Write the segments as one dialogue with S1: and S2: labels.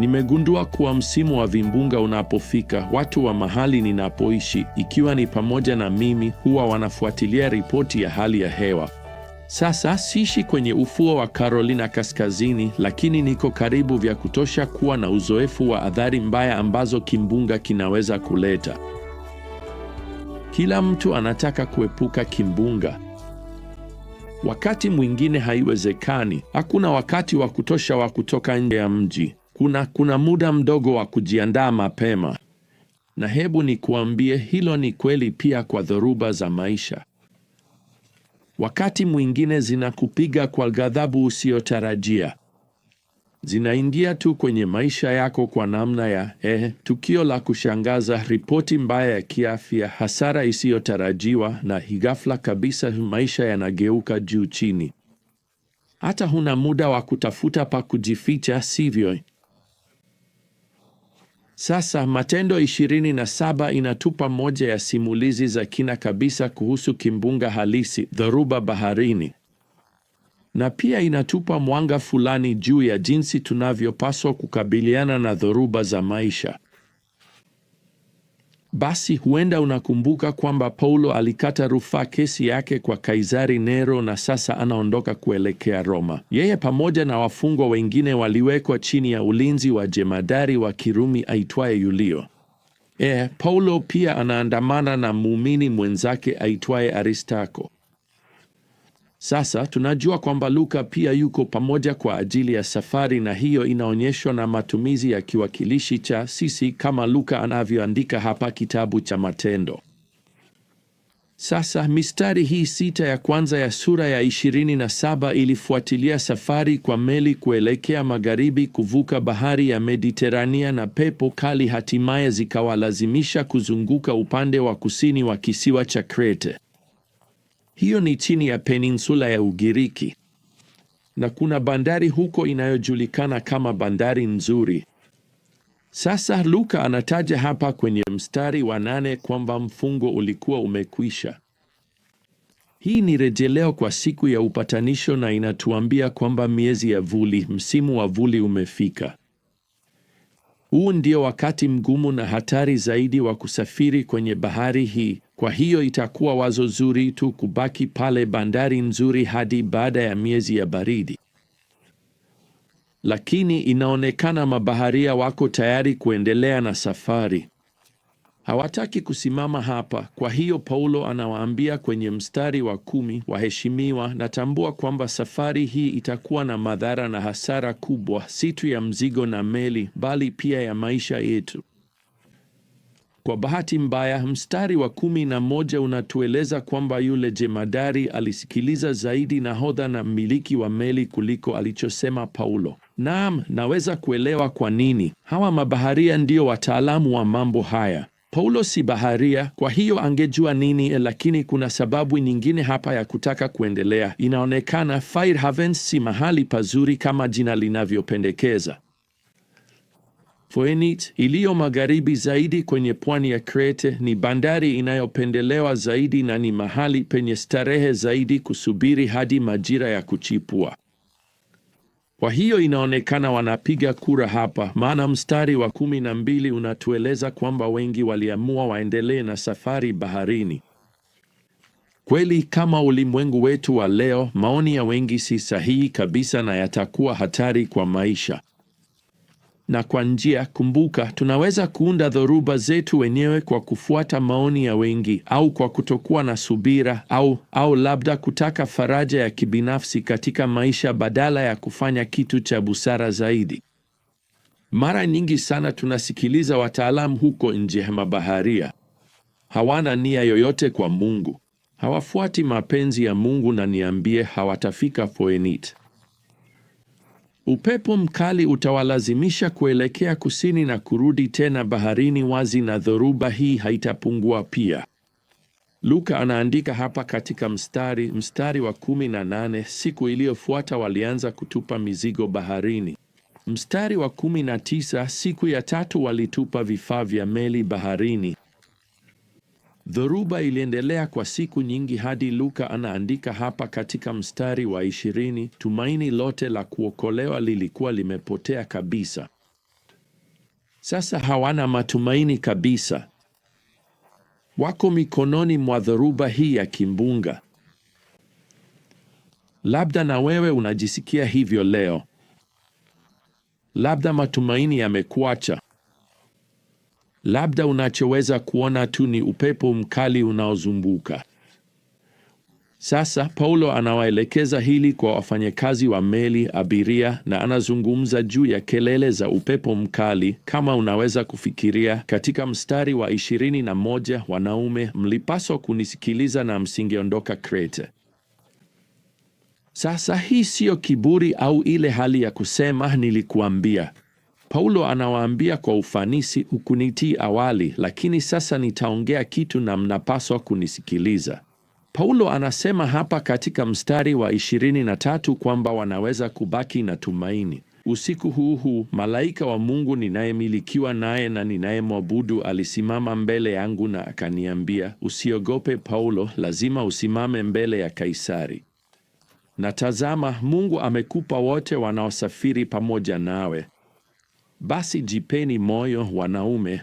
S1: Nimegundua kuwa msimu wa vimbunga unapofika, watu wa mahali ninapoishi, ikiwa ni pamoja na mimi, huwa wanafuatilia ripoti ya hali ya hewa. Sasa siishi kwenye ufuo wa Carolina Kaskazini, lakini niko karibu vya kutosha kuwa na uzoefu wa athari mbaya ambazo kimbunga kinaweza kuleta. Kila mtu anataka kuepuka kimbunga. Wakati mwingine haiwezekani. Hakuna wakati wa kutosha wa kutoka nje ya mji kuna, kuna muda mdogo wa kujiandaa mapema, na hebu nikuambie, hilo ni kweli pia kwa dhoruba za maisha. Wakati mwingine zinakupiga kwa ghadhabu usiyotarajia, zinaingia tu kwenye maisha yako kwa namna ya eh, tukio la kushangaza, ripoti mbaya ya kiafya, hasara isiyotarajiwa, na ghafla kabisa maisha yanageuka juu chini. Hata huna muda wa kutafuta pa kujificha, sivyo? Sasa Matendo ishirini na inatupa moja ya simulizi za kina kabisa kuhusu kimbunga halisi, dhoruba baharini, na pia inatupa mwanga fulani juu ya jinsi tunavyopaswa kukabiliana na dhoruba za maisha. Basi huenda unakumbuka kwamba Paulo alikata rufaa kesi yake kwa Kaisari Nero na sasa anaondoka kuelekea Roma. Yeye pamoja na wafungwa wengine waliwekwa chini ya ulinzi wa jemadari wa Kirumi aitwaye Yulio. E, Paulo pia anaandamana na muumini mwenzake aitwaye aristako sasa tunajua kwamba Luka pia yuko pamoja kwa ajili ya safari, na hiyo inaonyeshwa na matumizi ya kiwakilishi cha sisi kama Luka anavyoandika hapa kitabu cha Matendo. Sasa mistari hii sita ya kwanza ya sura ya 27 ilifuatilia safari kwa meli kuelekea magharibi, kuvuka bahari ya Mediterania, na pepo kali hatimaye zikawalazimisha kuzunguka upande wa kusini wa kisiwa cha Krete. Hiyo ni chini ya peninsula ya Ugiriki, na kuna bandari huko inayojulikana kama bandari nzuri. Sasa Luka anataja hapa kwenye mstari wa nane kwamba mfungo ulikuwa umekwisha. Hii ni rejeleo kwa siku ya upatanisho na inatuambia kwamba miezi ya vuli, msimu wa vuli umefika. Huu ndio wakati mgumu na hatari zaidi wa kusafiri kwenye bahari hii, kwa hiyo itakuwa wazo zuri tu kubaki pale bandari nzuri hadi baada ya miezi ya baridi. Lakini inaonekana mabaharia wako tayari kuendelea na safari. Hawataki kusimama hapa. Kwa hiyo Paulo anawaambia kwenye mstari wa kumi, waheshimiwa, natambua kwamba safari hii itakuwa na madhara na hasara kubwa, si tu ya mzigo na meli, bali pia ya maisha yetu. Kwa bahati mbaya, mstari wa kumi na moja unatueleza kwamba yule jemadari alisikiliza zaidi nahodha na mmiliki wa meli kuliko alichosema Paulo. Naam, naweza kuelewa kwa nini. Hawa mabaharia ndio wataalamu wa mambo haya. Paulo si baharia, kwa hiyo angejua nini, lakini kuna sababu nyingine hapa ya kutaka kuendelea. Inaonekana Fairhaven si mahali pazuri kama jina linavyopendekeza. Phoenix iliyo magharibi zaidi kwenye pwani ya Krete ni bandari inayopendelewa zaidi na ni mahali penye starehe zaidi kusubiri hadi majira ya kuchipua. Kwa hiyo inaonekana wanapiga kura hapa, maana mstari wa kumi na mbili unatueleza kwamba wengi waliamua waendelee na safari baharini. Kweli, kama ulimwengu wetu wa leo, maoni ya wengi si sahihi kabisa na yatakuwa hatari kwa maisha na kwa njia, kumbuka, tunaweza kuunda dhoruba zetu wenyewe kwa kufuata maoni ya wengi au kwa kutokuwa na subira au au labda kutaka faraja ya kibinafsi katika maisha badala ya kufanya kitu cha busara zaidi. Mara nyingi sana tunasikiliza wataalamu huko nje ya mabaharia. Hawana nia yoyote kwa Mungu, hawafuati mapenzi ya Mungu, na niambie, hawatafika poenit. Upepo mkali utawalazimisha kuelekea kusini na kurudi tena baharini wazi, na dhoruba hii haitapungua pia. Luka anaandika hapa katika mstari mstari wa kumi na nane siku iliyofuata walianza kutupa mizigo baharini. Mstari wa kumi na tisa siku ya tatu walitupa vifaa vya meli baharini. Dhoruba iliendelea kwa siku nyingi hadi Luka anaandika hapa katika mstari wa ishirini, tumaini lote la kuokolewa lilikuwa limepotea kabisa. Sasa hawana matumaini kabisa. Wako mikononi mwa dhoruba hii ya kimbunga. Labda na wewe unajisikia hivyo leo. Labda matumaini yamekuacha. Labda unachoweza kuona tu ni upepo mkali unaozumbuka. Sasa Paulo anawaelekeza hili kwa wafanyakazi wa meli, abiria, na anazungumza juu ya kelele za upepo mkali. Kama unaweza kufikiria, katika mstari wa 21 wanaume mlipaswa kunisikiliza na msingeondoka Krete. Sasa hii siyo kiburi au ile hali ya kusema nilikuambia. Paulo anawaambia kwa ufanisi, ukunitii awali, lakini sasa nitaongea kitu na mnapaswa kunisikiliza. Paulo anasema hapa katika mstari wa 23 kwamba wanaweza kubaki na tumaini. Usiku huu huu malaika wa Mungu ninayemilikiwa naye na ninayemwabudu alisimama mbele yangu na akaniambia, usiogope Paulo, lazima usimame mbele ya Kaisari. Na tazama, Mungu amekupa wote wanaosafiri pamoja nawe. Basi jipeni moyo wanaume,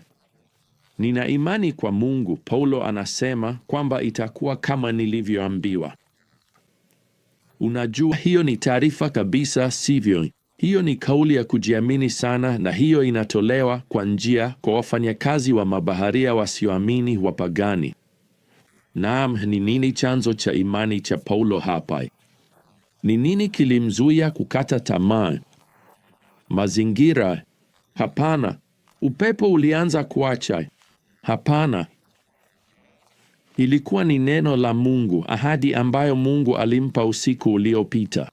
S1: nina imani kwa Mungu. Paulo anasema kwamba itakuwa kama nilivyoambiwa. Unajua, hiyo ni taarifa kabisa, sivyo? Hiyo ni kauli ya kujiamini sana, na hiyo inatolewa kwa njia kwa wafanyakazi wa mabaharia wasioamini, wapagani. Naam, ni nini chanzo cha imani cha Paulo hapa? Ni nini kilimzuia kukata tamaa? Mazingira, Hapana. Upepo ulianza kuacha. Hapana. Ilikuwa ni neno la Mungu, ahadi ambayo Mungu alimpa usiku uliopita.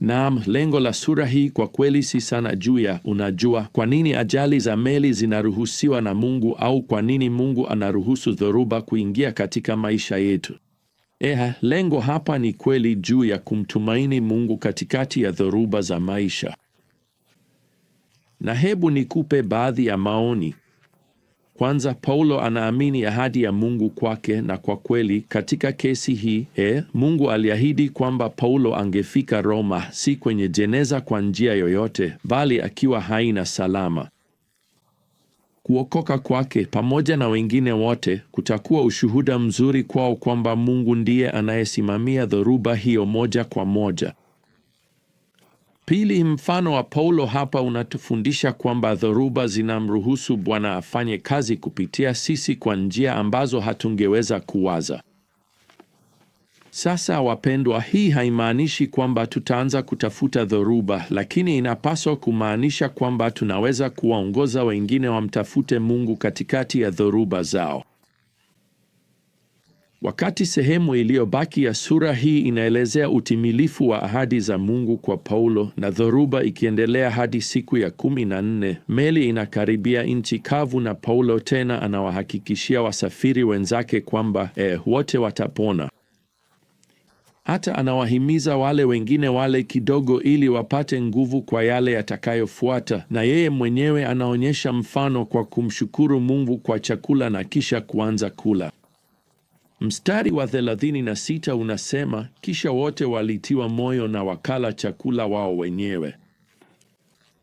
S1: Naam, lengo la sura hii kwa kweli si sana juu ya unajua kwa nini ajali za meli zinaruhusiwa na Mungu au kwa nini Mungu anaruhusu dhoruba kuingia katika maisha yetu. Eha, lengo hapa ni kweli juu ya kumtumaini Mungu katikati ya dhoruba za maisha. Na hebu nikupe baadhi ya maoni. Kwanza, Paulo anaamini ahadi ya Mungu kwake, na kwa kweli katika kesi hii e, Mungu aliahidi kwamba Paulo angefika Roma, si kwenye jeneza kwa njia yoyote, bali akiwa hai na salama. Kuokoka kwake pamoja na wengine wote kutakuwa ushuhuda mzuri kwao kwamba Mungu ndiye anayesimamia dhoruba hiyo moja kwa moja. Pili, mfano wa Paulo hapa unatufundisha kwamba dhoruba zinamruhusu Bwana afanye kazi kupitia sisi kwa njia ambazo hatungeweza kuwaza. Sasa wapendwa, hii haimaanishi kwamba tutaanza kutafuta dhoruba, lakini inapaswa kumaanisha kwamba tunaweza kuwaongoza wengine wamtafute Mungu katikati ya dhoruba zao. Wakati sehemu iliyobaki ya sura hii inaelezea utimilifu wa ahadi za Mungu kwa Paulo na dhoruba ikiendelea hadi siku ya kumi na nne, meli inakaribia nchi kavu na Paulo tena anawahakikishia wasafiri wenzake kwamba eh, wote watapona. Hata anawahimiza wale wengine wale kidogo ili wapate nguvu kwa yale yatakayofuata, na yeye mwenyewe anaonyesha mfano kwa kumshukuru Mungu kwa chakula na kisha kuanza kula. Mstari wa 36 unasema, kisha wote walitiwa moyo na wakala chakula wao wenyewe.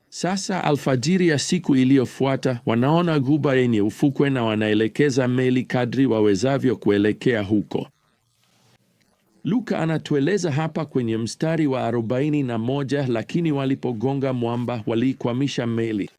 S1: Sasa alfajiri ya siku iliyofuata, wanaona ghuba yenye ufukwe na wanaelekeza meli kadri wawezavyo kuelekea huko. Luka anatueleza hapa kwenye mstari wa 41, lakini walipogonga mwamba waliikwamisha meli.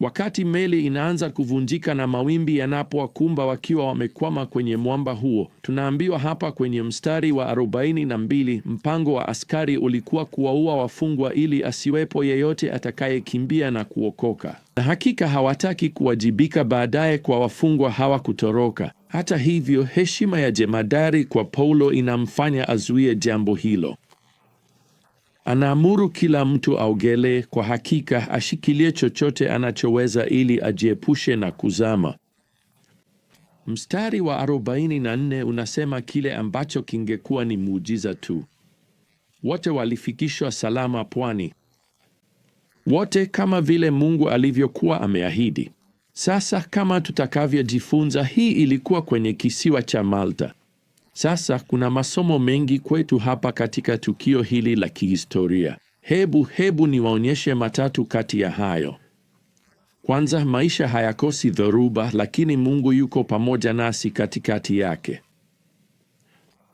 S1: Wakati meli inaanza kuvunjika na mawimbi yanapowakumba wakiwa wamekwama kwenye mwamba huo, tunaambiwa hapa kwenye mstari wa 42, mpango wa askari ulikuwa kuwaua wafungwa ili asiwepo yeyote atakayekimbia na kuokoka. Na hakika hawataki kuwajibika baadaye kwa wafungwa hawa kutoroka. Hata hivyo, heshima ya jemadari kwa Paulo inamfanya azuie jambo hilo. Anaamuru kila mtu aogele kwa hakika, ashikilie chochote anachoweza ili ajiepushe na kuzama. Mstari wa 44 unasema kile ambacho kingekuwa ni muujiza tu. Wote walifikishwa salama pwani, wote kama vile Mungu alivyokuwa ameahidi. Sasa kama tutakavyojifunza, hii ilikuwa kwenye kisiwa cha Malta. Sasa kuna masomo mengi kwetu hapa katika tukio hili la kihistoria. Hebu hebu niwaonyeshe matatu kati ya hayo. Kwanza, maisha hayakosi dhoruba, lakini Mungu yuko pamoja nasi katikati yake.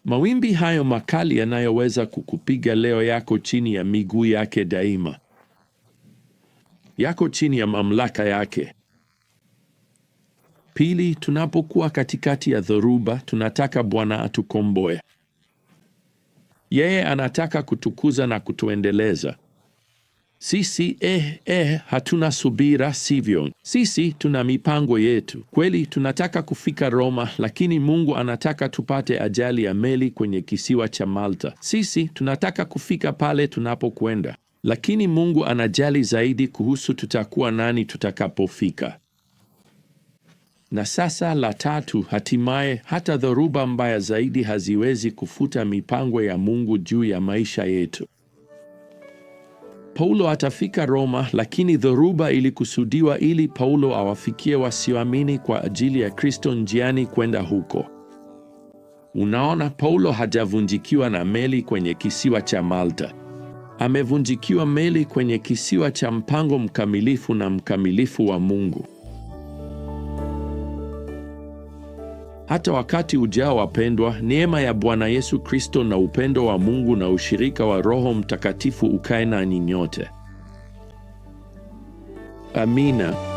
S1: Mawimbi hayo makali yanayoweza kukupiga leo yako chini ya miguu yake daima, yako chini ya mamlaka yake. Pili, tunapokuwa katikati ya dhoruba, tunataka Bwana atukomboe. Yeye anataka kutukuza na kutuendeleza. Sisi eh, eh, hatuna subira, sivyo? Sisi tuna mipango yetu. Kweli tunataka kufika Roma, lakini Mungu anataka tupate ajali ya meli kwenye kisiwa cha Malta. Sisi tunataka kufika pale tunapokwenda, lakini Mungu anajali zaidi kuhusu tutakuwa nani tutakapofika. Na sasa la tatu, hatimaye hata dhoruba mbaya zaidi haziwezi kufuta mipango ya Mungu juu ya maisha yetu. Paulo atafika Roma, lakini dhoruba ilikusudiwa ili Paulo awafikie wasioamini kwa ajili ya Kristo njiani kwenda huko. Unaona, Paulo hajavunjikiwa na meli kwenye kisiwa cha Malta. Amevunjikiwa meli kwenye kisiwa cha mpango mkamilifu na mkamilifu wa Mungu. Hata wakati ujao, wapendwa, neema ya Bwana Yesu Kristo na upendo wa Mungu na ushirika wa Roho Mtakatifu ukae nanyi nyote. Amina.